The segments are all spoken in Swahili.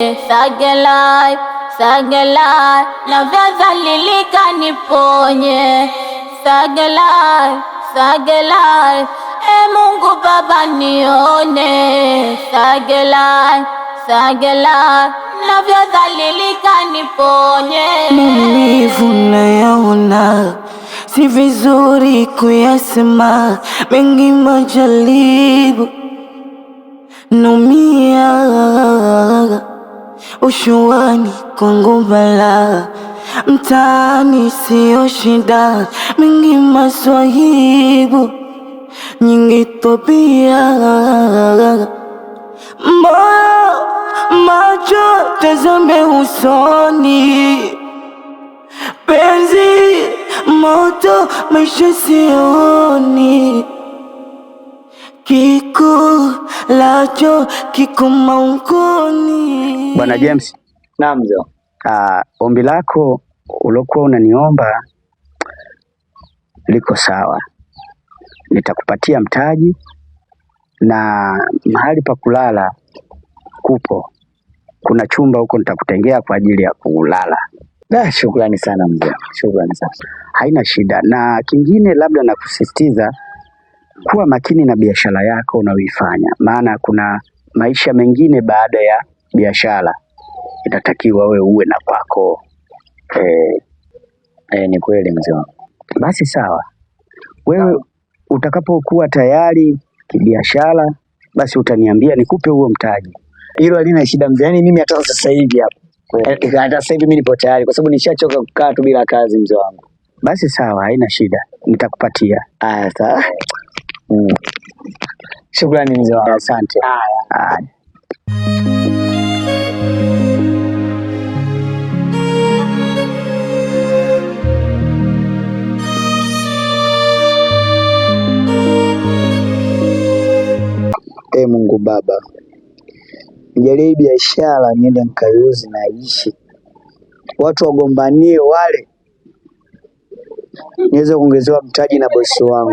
Thug life, thug life, navyodhalilika niponye. Thug life, thug life, e Mungu Baba nione. Thug life, thug life, navyodhalilika niponye. Maumivu nayaona, si vizuri kuyasema, mengi majaribu, naumia ushuani kwangu bala, mtaani siyo shida, mingi maswahibu nyingi topia, mbona macho tazame usoni, penzi moto maisha sioni kiko lacho kiko maungoni. Bwana James. Naam mzee. Ah, ombi lako ulokuwa unaniomba liko sawa, nitakupatia mtaji na mahali pa kulala kupo, kuna chumba huko nitakutengea kwa ajili ya kulala. Da, shukrani sana mzee, shukrani sana. Haina shida, na kingine labda nakusisitiza kuwa makini na biashara yako unayoifanya, maana kuna maisha mengine baada ya biashara, inatakiwa wewe uwe na kwako. E, e, ni kweli mzee wangu. Basi sawa, wewe utakapokuwa tayari kibiashara, basi utaniambia nikupe huo mtaji. Hilo halina shida mzee, yani mimi hata sasa hivi hapo eh, hata sasa hivi mimi nipo tayari kwa sababu nishachoka kukaa tu bila kazi mzee wangu. Basi sawa, haina shida, nitakupatia. Haya, sawa. Mm. Shukrani mzee wangu, asante. Haya. Ee Mungu Baba, nijalie biashara niende nikaiuze na ishi, watu wagombanie wale, niweze kuongezewa mtaji na bosi wangu.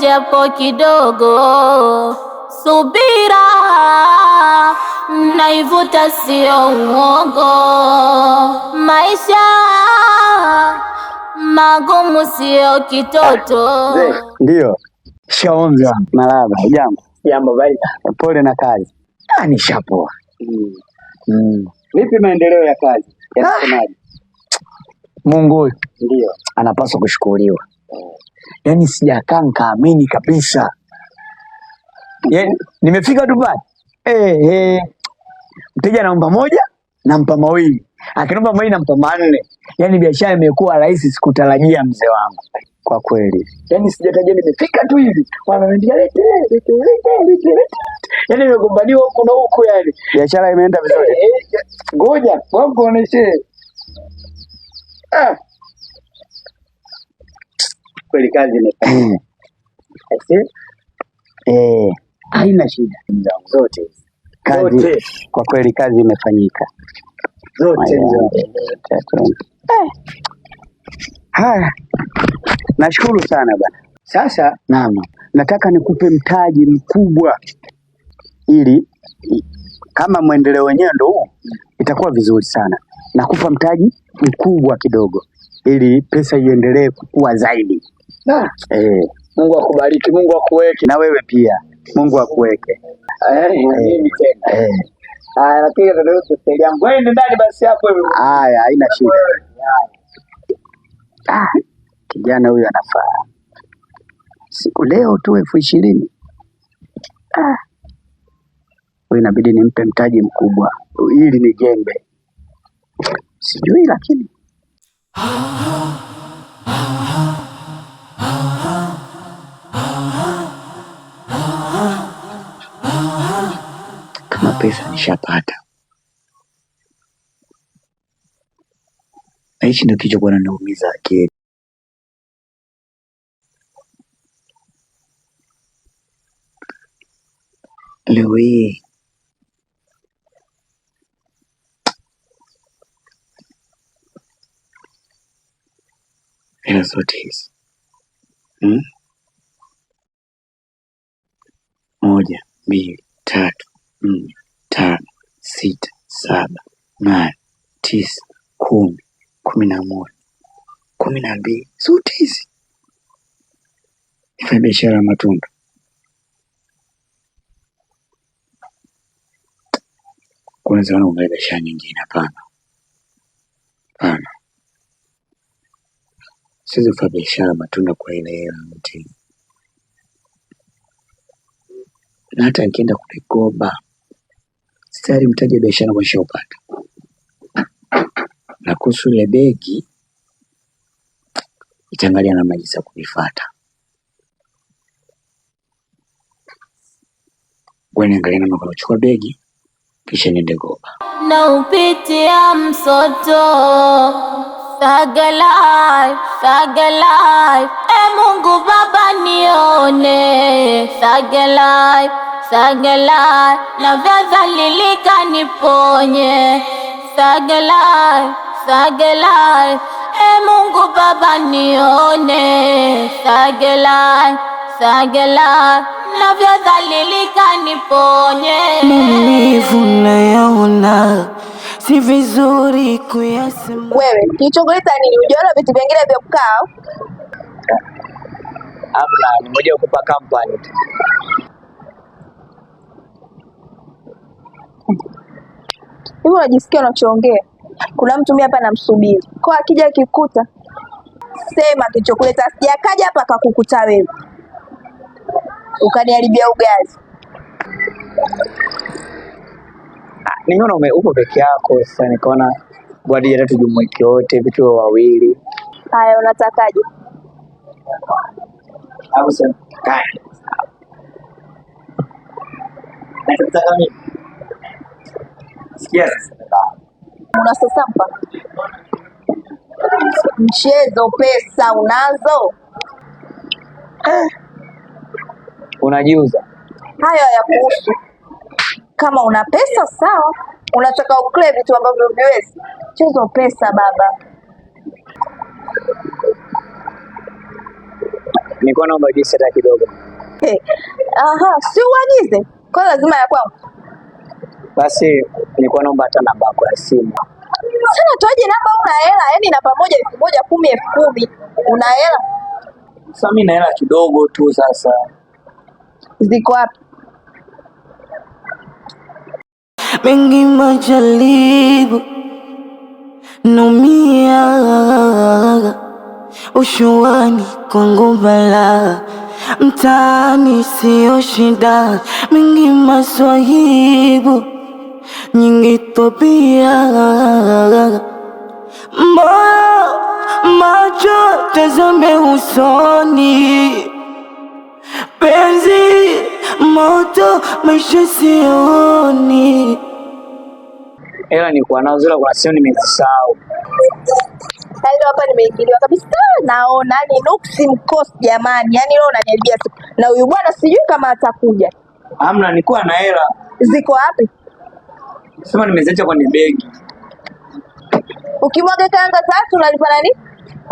japo kidogo, subira naivuta, sio uongo. Maisha magumu, sio kitoto. Ndio shaonza malaba. Jambo jambo, baida. pole na kazi. Ah, nishapoa. mm. mm. Vipi maendeleo ya kazi? Ah! Mungu huyu ndio anapaswa kushukuriwa. Eh yani sijakaa nkaamini kabisa, yani nimefika Dubai eh, eh, mteja anaomba moja nampa mawili, akinomba mawili nampa manne. Yani biashara imekuwa rahisi, sikutarajia mzee wangu kwa kweli, yani sijataja Nimefika tu hivi wananiambia lete lete lete lete, yani nimegombaniwa huku na huku, yani biashara imeenda vizuri. Eh, eh, ngoja wangu oneshe ah kweli kazi imefanyika. Mm. Eh, haina shida mzangu, zote kazi kwa kweli kazi imefanyika zote. Eh. Haya, nashukuru sana bwana. Sasa naam, nataka nikupe mtaji mkubwa ili kama mwendeleo wenyewe ndo huu, itakuwa vizuri sana. Nakupa mtaji mkubwa kidogo, ili pesa iendelee kukua zaidi. Eh, Mungu akubariki, Mungu akuweke na wewe pia, Mungu akuweke. Eh, eh, eh, Haya, haina shida. Ah, kijana huyu anafaa siku leo tu elfu ishirini ah. Huyu inabidi nimpe mtaji mkubwa, hili ni jembe sijui, lakini ah, pesa nishapata. Hichi ndio kilichokuwa naniumiza akili. Leo hii It is hmm? Moja, mbili, tatu, nne tano, sita, saba, nane, tisa, kumi, kumi na moja, kumi na mbili. Zote hizi nifanya biashara ya matunda. Kwanza unafanya biashara nyingine? Hapana, hapana, siwezi kufanya biashara ya matunda kwa ile hela mtini na hata nikienda kuligoba tayari mtaji wa biashara umeshaupata. Na kuhusu ile begi, itaangalia namna jinsi ya kulifuata. Niangalia namna kuchukua begi kisha niende Goba na upitia Msoto. Saga life, life. E Mungu Baba nione, saga life Sagala Thagala navyadhalilika, niponye Sagala Sagala, e Mungu Baba nione Sagala Thagala, Thagala, navyadhalilika, niponye. Maumivu nayaona si vizuri kuyasema. Wewe kilichokuleta nini? Ujaona vitu vingine vya kukaa? Amna, ni moja company hivyo unajisikia unachoongea, kuna mtu mimi hapa namsubiri, kwa akija akikuta sema kilichokuleta, sijakaja hapa akakukuta wewe ukaniharibia ugazi. Ah, Nimeona uko peke yako, sasa nikaona bwadija tujumuike wote vitu wawili. Haya, unatakaje? Sawa. Yes. mchezo, pesa unazo? Eh. Unajiuza? Hayo hayakuhusu. Kama una pesa sawa, unataka ukle vitu ambavyo viwezi. Mchezo pesa, baba. Nilikuwa naomba ubagize hata kidogo. Hey. Eh. Aha, si uagize kwa lazima ya kwangu basi nilikuwa naomba hata namba yako ya simu. Sana tuaje namba, una hela yani? Namba moja elfu moja kumi elfu kumi una hela? Sasa mimi na hela kidogo tu. Sasa ziko wapi? Mengi majalibu numia ushuani kwangu balaa mtaani siyo shida, mengi maswahibu nyingito pia. Moyo macho tazame usoni, penzi moto maisha sioni. Hela nilikuwa nazo ila kuna sehemu nimezisahau. Hilo hapa nimeingiliwa kabisa, naona ni nuksi mkosi jamani. Yani leo unaniambia na huyu bwana sijui kama atakuja. Amna, nikuwa na hela. Ziko wapi? Sema nimeziacha kwenye begi. Ukimwaga kanga tatu unalipa nani?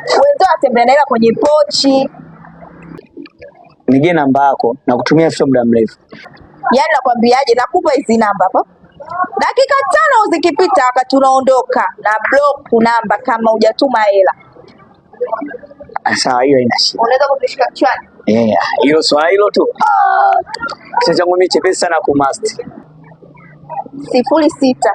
Wenzao atembea na hela kwenye pochi. Nige namba yako na kutumia sio muda mrefu. Yaani nakwambiaje, nakupa hizi namba hapo. Dakika tano zikipita wakati unaondoka na block namba kama hujatuma hela. Sawa, hiyo ina shida. Unaweza kupishika kichwani? Yeah, hiyo swala hilo tu. Ah. Kichwa changu mimi chepesi sana kumasti sifuri sita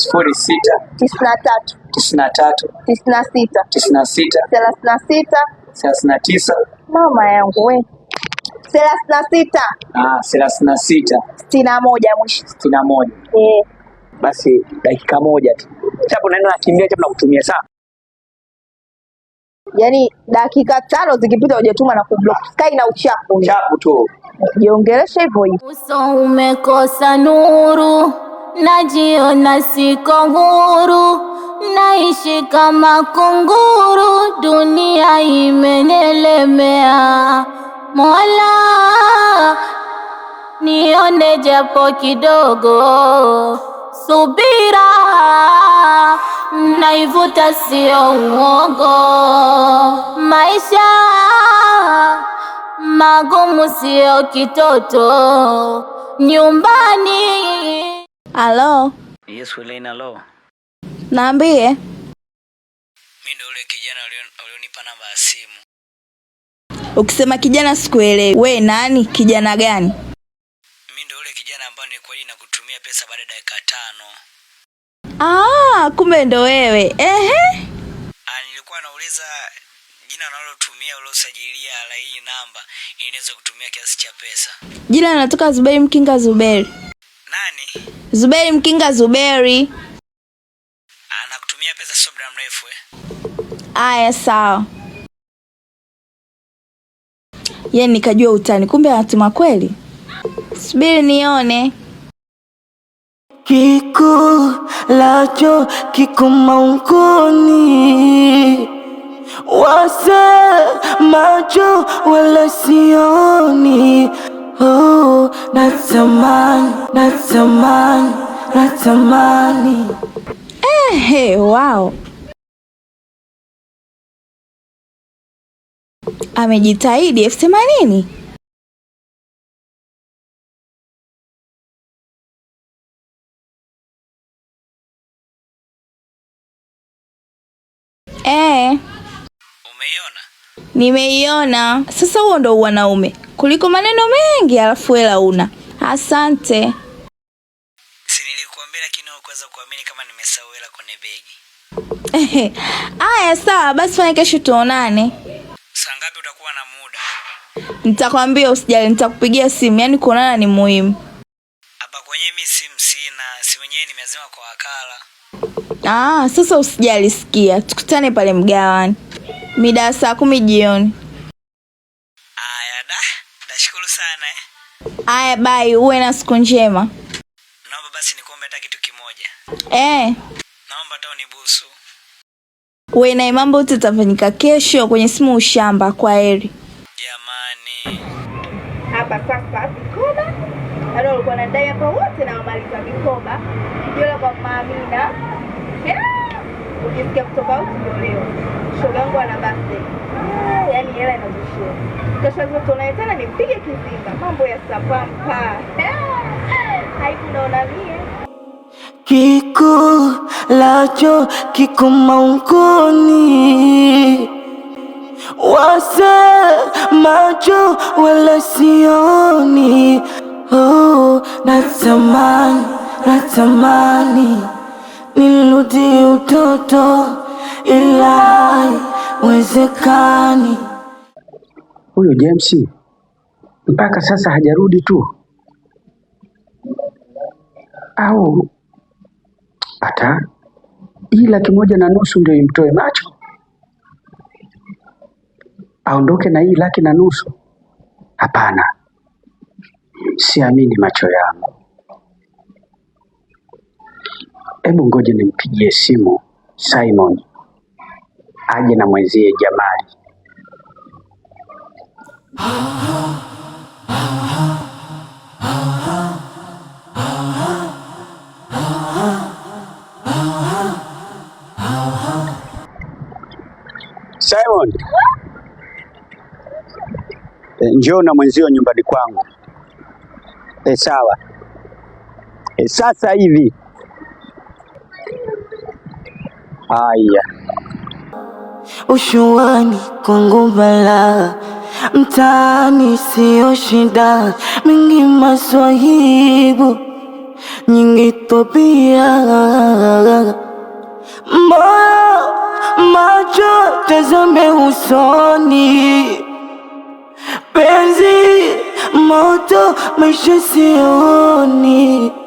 sifuri sita tisini na tatu tisini na tatu tisini na sita tisini na sita thelathini na sita thelathini na tisa mama yangu we thelathini na sita ah, thelathini na sita sitini na moja mwisho sitini na moja e. Eh. Basi dakika moja tu chapo nani nakimbia chapo nakutumia saa yaani dakika tano zikipita hujatuma na kublock sky na uchafu chapo tu jiongelesha hivyo hivyo uso umekosa nuru najiona siko huru, naishi kama kunguru, dunia imenelemea. Mola nione japo kidogo, subira naivuta, sio uongo, maisha magumu, sio kitoto nyumbani Halo? Yes, Welaine, halo. Naambie. Mimi ndio yule kijana ulionipa namba ya simu. Ukisema kijana sikuelewi. We nani? Kijana gani? Mimi ndio yule kijana ambaye nilikuwa na kutumia pesa baada ya dakika tano. Ah, kumbe ndo wewe. Ehe. Ah, nilikuwa nauliza jina unalotumia ulosajilia ala hii namba inaweza kutumia kiasi cha pesa. Jina natoka Zuberi Mkinga Zuberi nani? Zuberi Mkinga Zuberi. Anakutumia pesa sio muda mrefu eh? Aya, sawa. Yeye yaani nikajua utani, kumbe anatuma kweli. Subiri nione. Kiku lacho kiku maungoni, wasa macho wala sioni oh, natamani, natamani, natamani. Eh, wow. Amejitahidi elfu themanini. Eh. Umeiona? Nimeiona. Sasa huo ndo wanaume, kuliko maneno mengi alafu hela una. Asante. Si nilikuambia, lakini hukuweza kuamini kama nimesahau hela kwenye begi. Aya, sawa basi, fanya kesho tuonane. Saa ngapi utakuwa na muda? Nitakwambia, usijali, nitakupigia simu. Yaani kuonana ni muhimu. Hapa kwenye mimi simu sina, simu yenyewe nimeazima kwa wakala. Ah, sasa usijali, sikia, tukutane pale mgawani mida ya saa kumi jioni. Aya da, nashukuru sana eh. Aya bai, uwe na siku njema. Naomba basi nikuombe hata kitu kimoja eh. Naomba tu unibusu. Uwe na mambo yote kesho kwenye simu ushamba. Kwa heri jamani. Hapa sasa vikoba bado walikuwa wanadai hapa wote na wamaliza vikoba ijola kwa Maamina ukisikia kutoka shoga yangu ana birthday, ah, yaani hela kesho mambo ya sapampa mie ah, kiku lacho kiku maungoni wase macho wala sioni, oh, natamani natamani nirudi utoto, ila wezekani. Huyo James mpaka sasa hajarudi tu, au hata hii laki moja na nusu ndio imtoe macho, aondoke na hii laki na nusu? Hapana, siamini macho yangu hebu ngoja nimpigie simu Simon aje na mwenzie Jamali. Simon, eh, njoo na mwenzio nyumbani kwangu. E, sawa. E, sasa hivi Haya, ushuani kwangu bala mtaani siyo shida, mingi maswahibu, nyingi topia mbo macho tazame usoni, penzi moto maisha sioni